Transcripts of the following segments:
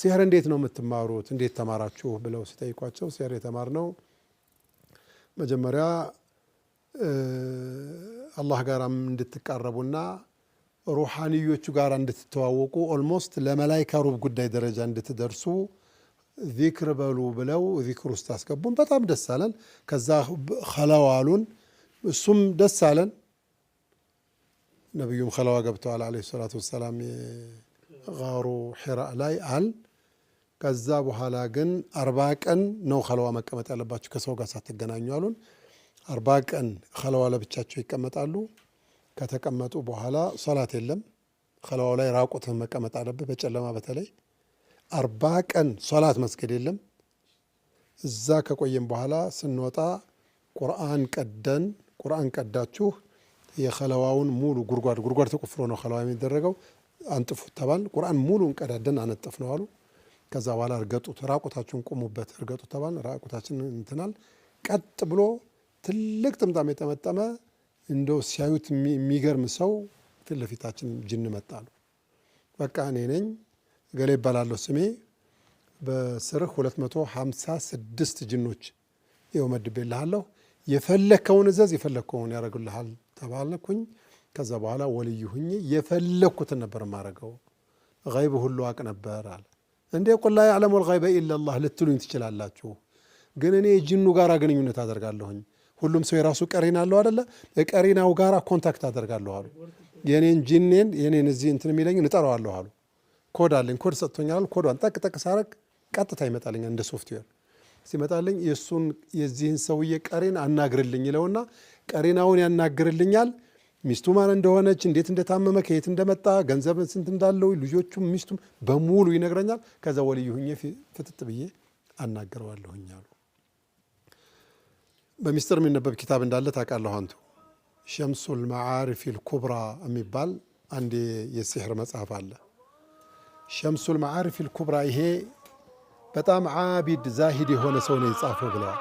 ሲህር እንዴት ነው የምትማሩት? እንዴት ተማራችሁ ብለው ሲጠይቋቸው ሲህር የተማርነው መጀመሪያ አላህ ጋር እንድትቃረቡና ሩሓንዮቹ ጋር እንድትተዋወቁ ኦልሞስት ለመላይካ ሩብ ጉዳይ ደረጃ እንድትደርሱ ዚክር በሉ ብለው ዚክር ውስጥ አስገቡን። በጣም ደስ አለን። ከዛ ኸለዋሉን እሱም ደስ አለን። ነቢዩም ኸለዋ ገብተዋል ዓለይሂ ሰላቱ ወሰላም ጋሩ ሒራ ላይ አል ከዛ በኋላ ግን አርባ ቀን ነው ከለዋ መቀመጥ ያለባቸው ከሰው ጋር ሳትገናኙ አሉን። አርባ ቀን ከለዋ ለብቻቸው ይቀመጣሉ። ከተቀመጡ በኋላ ሶላት የለም። ከለዋው ላይ ራቁት መቀመጥ አለብህ፣ በጨለማ በተለይ አርባ ቀን ሶላት መስገድ የለም። እዛ ከቆየም በኋላ ስንወጣ ቁርአን ቀደን ቁርአን ቀዳችሁ የከለዋውን ሙሉ ጉድጓድ ጉርጓድ ተቆፍሮ ነው ከለዋ የሚደረገው አንጥፉ ተባል። ቁርአን ሙሉ እንቀዳደን አነጥፍ ነው አሉ። ከዛ በኋላ እርገጡት፣ ራቁታችሁን ቁሙበት፣ እርገጡት ተባል። ራቁታችን እንትናል ቀጥ ብሎ ትልቅ ጥምጣም የጠመጠመ እንደው ሲያዩት የሚገርም ሰው ፊት ለፊታችን ጅን መጣሉ። በቃ እኔ ነኝ እገሌ ይባላለሁ ስሜ በስርህ 256 ጅኖች ይኸው መድቤልሃለሁ፣ የፈለግከውን እዘዝ፣ የፈለግከውን ያደረግልሃል ተባለኩኝ። ከዛ በኋላ ወልዩ ሁኜ የፈለግኩትን ነበር ማድረገው። ገይብ ሁሉ አቅ ነበር አለ እንዴ ቁላ ያዕለሙል ገይበ ኢለላህ ልትሉኝ ትችላላችሁ። ግን እኔ የጅኑ ጋር ግንኙነት አደርጋለሁኝ። ሁሉም ሰው የራሱ ቀሪና አለው አደለ? ቀሪናው ጋር ኮንታክት አደርጋለሁ አሉ። የኔን ጅኔን የኔን እዚህ እንትን የሚለኝ እጠራዋለሁ አሉ። ኮድ አለኝ፣ ኮድ ሰጥቶኛል። ኮዷን ጠቅ ጠቅ ሳረግ ቀጥታ ይመጣልኛል እንደ ሶፍትዌር ሲመጣልኝ የእሱን የዚህን ሰውዬ ቀሪን አናግርልኝ ይለውና ቀሪናውን ያናግርልኛል። ሚስቱ ማን እንደሆነች፣ እንዴት እንደታመመ፣ ከየት እንደመጣ፣ ገንዘብ ስንት እንዳለው፣ ልጆቹም ሚስቱም በሙሉ ይነግረኛል። ከዛ ወልዩ ሁኜ ፍጥጥ ብዬ አናገረዋለሁኝ አሉ። በሚስጥር የሚነበብ ኪታብ እንዳለ ታውቃለሁ አንቱ ሸምሱል መዓሪፍ ልኩብራ የሚባል አንድ የሲሕር መጽሐፍ አለ። ሸምሱል መዓሪፍ ልኩብራ ይሄ በጣም ዓቢድ ዛሂድ የሆነ ሰው ነው የጻፈው ብለዋል።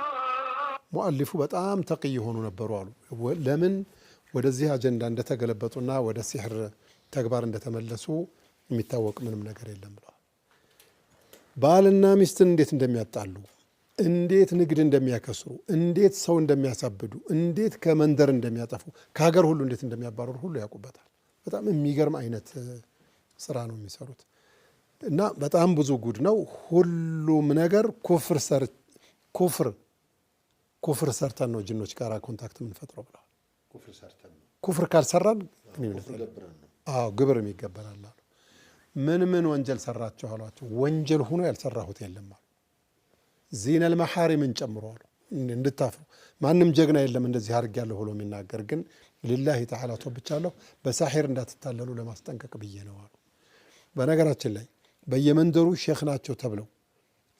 ሙአሊፉ በጣም ተቅይ የሆኑ ነበሩ አሉ። ለምን ወደዚህ አጀንዳ እንደተገለበጡና ወደ ሲሕር ተግባር እንደተመለሱ የሚታወቅ ምንም ነገር የለም ብለዋል። ባልና ሚስትን እንዴት እንደሚያጣሉ፣ እንዴት ንግድ እንደሚያከስሩ፣ እንዴት ሰው እንደሚያሳብዱ፣ እንዴት ከመንደር እንደሚያጠፉ፣ ከሀገር ሁሉ እንዴት እንደሚያባረሩ ሁሉ ያውቁበታል። በጣም የሚገርም አይነት ስራ ነው የሚሰሩት እና በጣም ብዙ ጉድ ነው። ሁሉም ነገር ኩፍር ኩፍር ሰርተን ነው ጅኖች ጋር ኮንታክት የምንፈጥረው ብለዋል። ኩፍር ካልሰራን ግብር ይገባናል አሉ። ምን ምን ወንጀል ሰራችሁ አሏቸው። ወንጀል ሆኖ ያልሰራሁት የለም አሉ። ዚነል መሐሪምን ጨምሮ አሉ። እንድታፍሩ ማንም ጀግና የለም እንደዚህ አድርጌያለሁ ብሎ የሚናገር ግን ሊላሂ ተዓላ ቶብቻለሁ፣ በሳሒር እንዳትታለሉ ለማስጠንቀቅ ብዬ ነው አሉ። በነገራችን ላይ በየመንደሩ ሼክ ናቸው ተብለው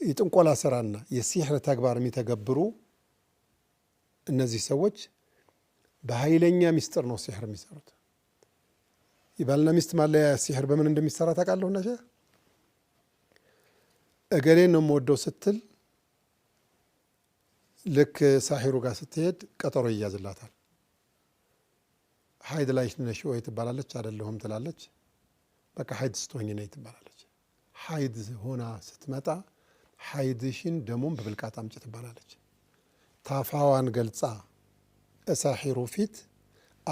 የጥንቆላ ስራና የሲሕር ተግባር የሚተገብሩ እነዚህ ሰዎች በኃይለኛ ሚስጥር ነው ሲሕር የሚሰሩት። የባልና ሚስት ማለያ ሲሕር በምን እንደሚሰራ ታውቃለሁ። ነ እገሌን ነው የምወደው ስትል ልክ ሳሒሩ ጋር ስትሄድ ቀጠሮ ይያዝላታል። ሀይድ ላይ ነሽ ወይ ትባላለች። አይደለሁም ትላለች። በቃ ሀይድ ስትሆኝ ነይ ትባላለች። ሀይድ ሆና ስትመጣ ሀይድሽን ደሞም በብልቃጥ አምጪ ትባላለች። ታፋዋን ገልጻ እሳሒሩ ፊት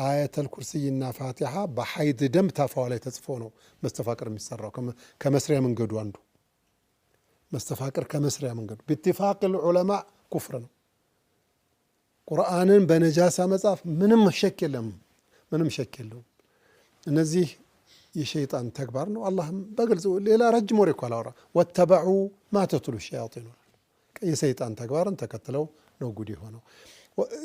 አያተል ኩርስይና ፋቲሓ በሐይድ ደም ታፋዋ ላይ ተጽፎ ነው መስተፋቅር የሚሰራው። ከመስሪያ መንገዱ አንዱ መስተፋቅር ከመስሪያ መንገዱ ብትፋቅ ዑለማ ኩፍር ነው። ቁርአንን በነጃሳ መጻፍ ምንም ሸክ የለም፣ ምንም ሸክ የለውም። እነዚህ የሸይጣን ተግባር ነው። አላህም በግልጽ ሌላ ረጅም ወሬ እኮ አላወራ ወተበዑ ማተቱሉ ሸያጢን የሰይጣን ተግባርን ተከትለው ነው ጉድ የሆነው።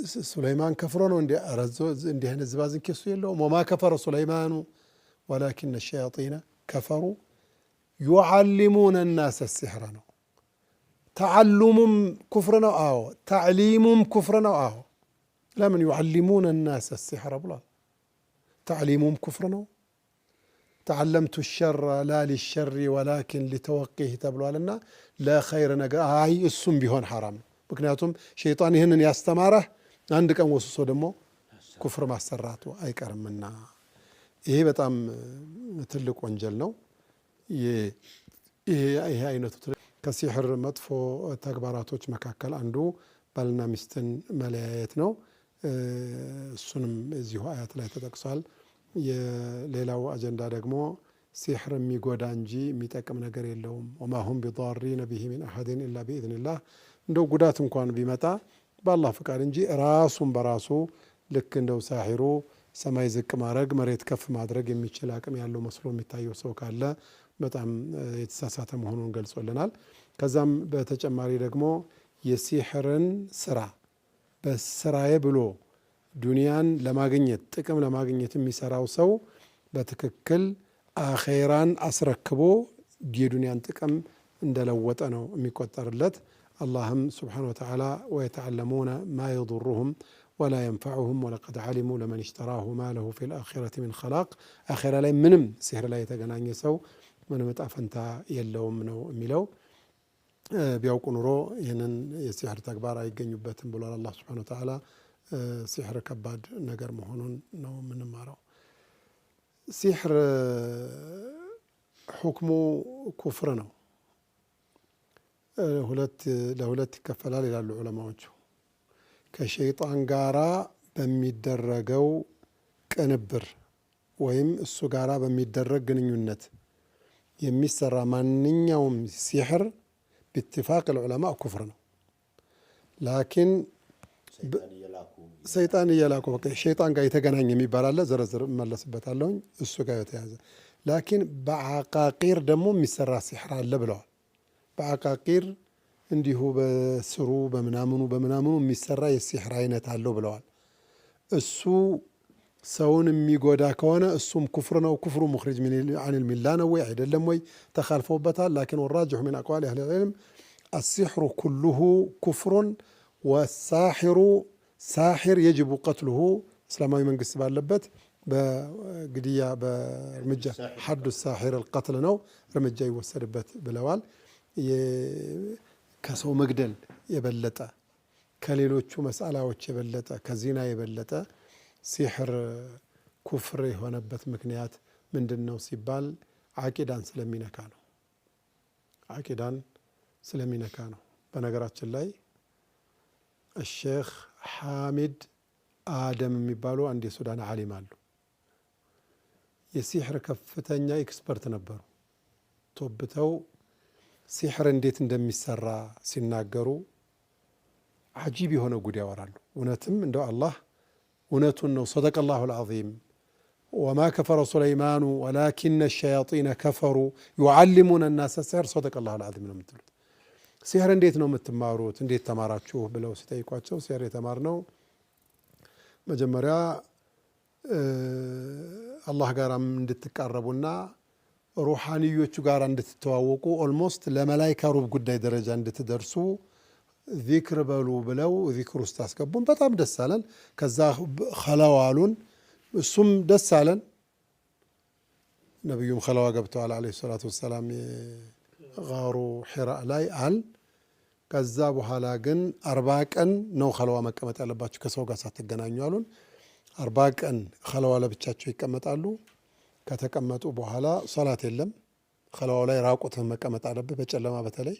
سليمان كفرون وندي أرزو ندي هنا زبازن كسيلو وما كفر سليمان ولكن الشياطين كفروا يعلمون الناس السحر تعلم كفرنا أو آه. تعليم كفرنا أو آه. لا من يعلمون الناس السحر بلا تعليم كفرنا تعلمت الشر لا للشر ولكن لتوقيه تبلو لنا لا خير نقا آه، هاي السم بهون حرام ምክንያቱም ሸይጣን ይህንን ያስተማረህ አንድ ቀን ወስሶ ደግሞ ኩፍር ማሰራቱ አይቀርምና ይሄ በጣም ትልቅ ወንጀል ነው። ይሄ አይነቱ ከሲሕር መጥፎ ተግባራቶች መካከል አንዱ ባልና ሚስትን መለያየት ነው። እሱንም እዚሁ አያት ላይ ተጠቅሷል። የሌላው አጀንዳ ደግሞ ሲሕር የሚጎዳ እንጂ የሚጠቅም ነገር የለውም። ወማሁም ቢዳሪነ ቢሂ ሚን አሐድን ኢላ ቢኢዝኒላህ እንደው ጉዳት እንኳን ቢመጣ በአላህ ፍቃድ እንጂ ራሱን በራሱ ልክ እንደው ሳሒሩ ሰማይ ዝቅ ማድረግ መሬት ከፍ ማድረግ የሚችል አቅም ያለው መስሎ የሚታየው ሰው ካለ በጣም የተሳሳተ መሆኑን ገልጾልናል። ከዛም በተጨማሪ ደግሞ የሲሕርን ስራ በስራዬ ብሎ ዱንያን ለማግኘት ጥቅም ለማግኘት የሚሰራው ሰው በትክክል አኼራን አስረክቦ የዱንያን ጥቅም እንደለወጠ ነው የሚቆጠርለት። اللهم سبحانه وتعالى ويتعلمون ما يضرهم ولا ينفعهم ولقد علموا لمن اشتراه ما له في الآخرة من خلاق آخر لين منم سحر لا يتقنان يسو من متأفنتا يلو منو ميلو بيوقو نورو ينن يسهر تقبار أي جنيبات بلال الله سبحانه وتعالى سحر كباد نجر مهونون نو من مارو سحر حكمه كفرنا نو ለሁለት ይከፈላል ይላሉ ዑለማዎቹ። ከሸይጣን ጋራ በሚደረገው ቅንብር ወይም እሱ ጋራ በሚደረግ ግንኙነት የሚሰራ ማንኛውም ሲሕር ቢትፋቅ ልዑለማ ኩፍር ነው። ላኪን ሰይጣን እየላኩ ሸይጣን ጋር የተገናኘ የሚባል አለ። ዝርዝር እመለስበታለሁኝ። እሱ ጋር የተያዘ ላኪን በአቃቂር ደግሞ የሚሰራ ሲሕር አለ ብለዋል። በአቃቂር እንዲሁ በስሩ በምናምኑ በምናምኑ የሚሰራ የሲሕር አይነት አለው ብለዋል። እሱ ሰውን የሚጎዳ ከሆነ እሱም ኩፍር ነው። ኩፍሩ ሙኽሪጅ አኒል ሚላ ነው ወይ አይደለም ወይ ተካልፈውበታል። ላኪን ወራጅሑ ሚን አቅዋል አህል ልዕልም አሲሕሩ ኩሉሁ ኩፍሩን ወሳሒሩ ሳሒር የጅቡ ቀትልሁ እስላማዊ መንግስት ባለበት በግድያ በእርምጃ ሐዱ ሳሒር አልቀትል ነው እርምጃ ይወሰድበት ብለዋል። ከሰው መግደል የበለጠ ከሌሎቹ መሳላዎች የበለጠ ከዚና የበለጠ ሲሕር ኩፍር የሆነበት ምክንያት ምንድን ነው ሲባል አቂዳን ስለሚነካ ነው። አቂዳን ስለሚነካ ነው። በነገራችን ላይ ሼክ ሐሚድ አደም የሚባሉ አንድ የሱዳን ዓሊም አሉ። የሲሕር ከፍተኛ ኤክስፐርት ነበሩ። ቶብተው ሲሕር እንዴት እንደሚሰራ ሲናገሩ አጂብ የሆነ ጉድ ያወራሉ። እውነትም እንደው አላህ እውነቱን ነው። ሰደቀ ላሁ ልዓዚም። ወማ ከፈረ ሱለይማኑ ወላኪነ ሸያጢነ ከፈሩ ዩዓሊሙነ ናሰ ሲሕር ሰደቀ ላሁ ልዓዚም ነው የምትሉት። ሲሕር እንዴት ነው የምትማሩት? እንዴት ተማራችሁ ብለው ሲጠይቋቸው ሲሕር የተማርነው መጀመሪያ አላህ ጋራም እንድትቃረቡና ሩሓንዮቹ ጋር እንድትተዋወቁ ኦልሞስት ለመላይካ ሩብ ጉዳይ ደረጃ እንድትደርሱ ዚክር በሉ ብለው ዚክር ውስጥ አስገቡን። በጣም ደስ አለን። ከዛ አሉን እሱም ደስ አለን። ነቢዩም ከለዋ ገብተዋል ዓለይሂ ሰላቱ ወሰላም ጋሩ ሒራ ላይ አል ከዛ በኋላ ግን አርባ ቀን ነው ከለዋ መቀመጥ ያለባቸው ከሰው ጋር ሳትገናኙ አሉን። አርባ ቀን ከለዋ ለብቻቸው ይቀመጣሉ። ከተቀመጡ በኋላ ሶላት የለም። ከለዋው ላይ ራቁትህን መቀመጥ አለብህ። በጨለማ በተለይ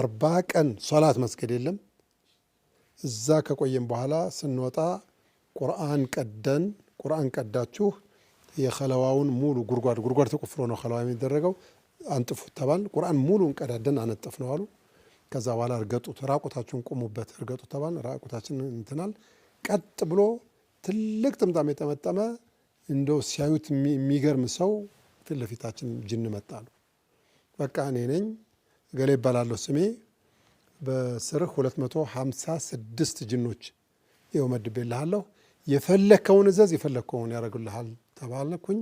አርባ ቀን ሶላት መስገድ የለም። እዛ ከቆየም በኋላ ስንወጣ ቁርአን ቀደን ቁርአን ቀዳችሁ የከለዋውን ሙሉ ጉርጓድ ጉርጓድ ተቆፍሮ ነው ከለዋ የሚደረገው አንጥፉት ተባል። ቁርአን ሙሉ እንቀዳደን አነጥፍ ነው አሉ። ከዛ በኋላ እርገጡት፣ ራቁታችሁን ቁሙበት፣ እርገጡት ተባል። ራቁታችን እንትናል ቀጥ ብሎ ትልቅ ጥምጣም የጠመጠመ እንደው ሲያዩት የሚገርም ሰው ፊት ለፊታችን ጅን መጣ ነው። በቃ እኔ ነኝ እገሌ ይባላለሁ ስሜ በስርህ 256 ጅኖች ይኸው መድቤልሃለሁ የፈለግከውን እዘዝ የፈለግከውን ያደረግልሃል ተባለኩኝ።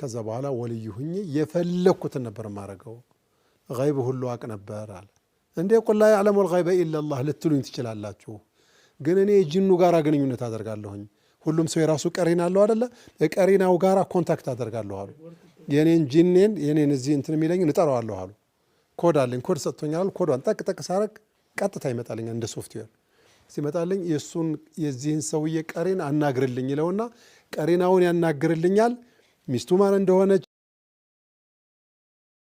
ከዛ በኋላ ወልዩ ሁኜ የፈለግኩትን ነበር ማድረገው። ይብ ሁሉ አቅ ነበር አለ። እንዴ ቁላ ያዕለሙ ኢላ ኢለላህ ልትሉኝ ትችላላችሁ፣ ግን እኔ የጅኑ ጋር ግንኙነት አደርጋለሁኝ ሁሉም ሰው የራሱ ቀሪና አለው አደለ? ቀሪናው ጋር ኮንታክት አደርጋለሁ አሉ። የኔን ጂኔን የኔን እዚህ እንትን የሚለኝ እጠራዋለሁ አሉ። ኮድ አለኝ፣ ኮድ ሰጥቶኛል። ኮዷን ጠቅ ጠቅ ሳረግ ቀጥታ ይመጣልኛል እንደ ሶፍትዌር ሲመጣልኝ የእሱን የዚህን ሰውዬ ቀሪን አናግርልኝ ይለውና ቀሪናውን ያናግርልኛል። ሚስቱ ማን እንደሆነች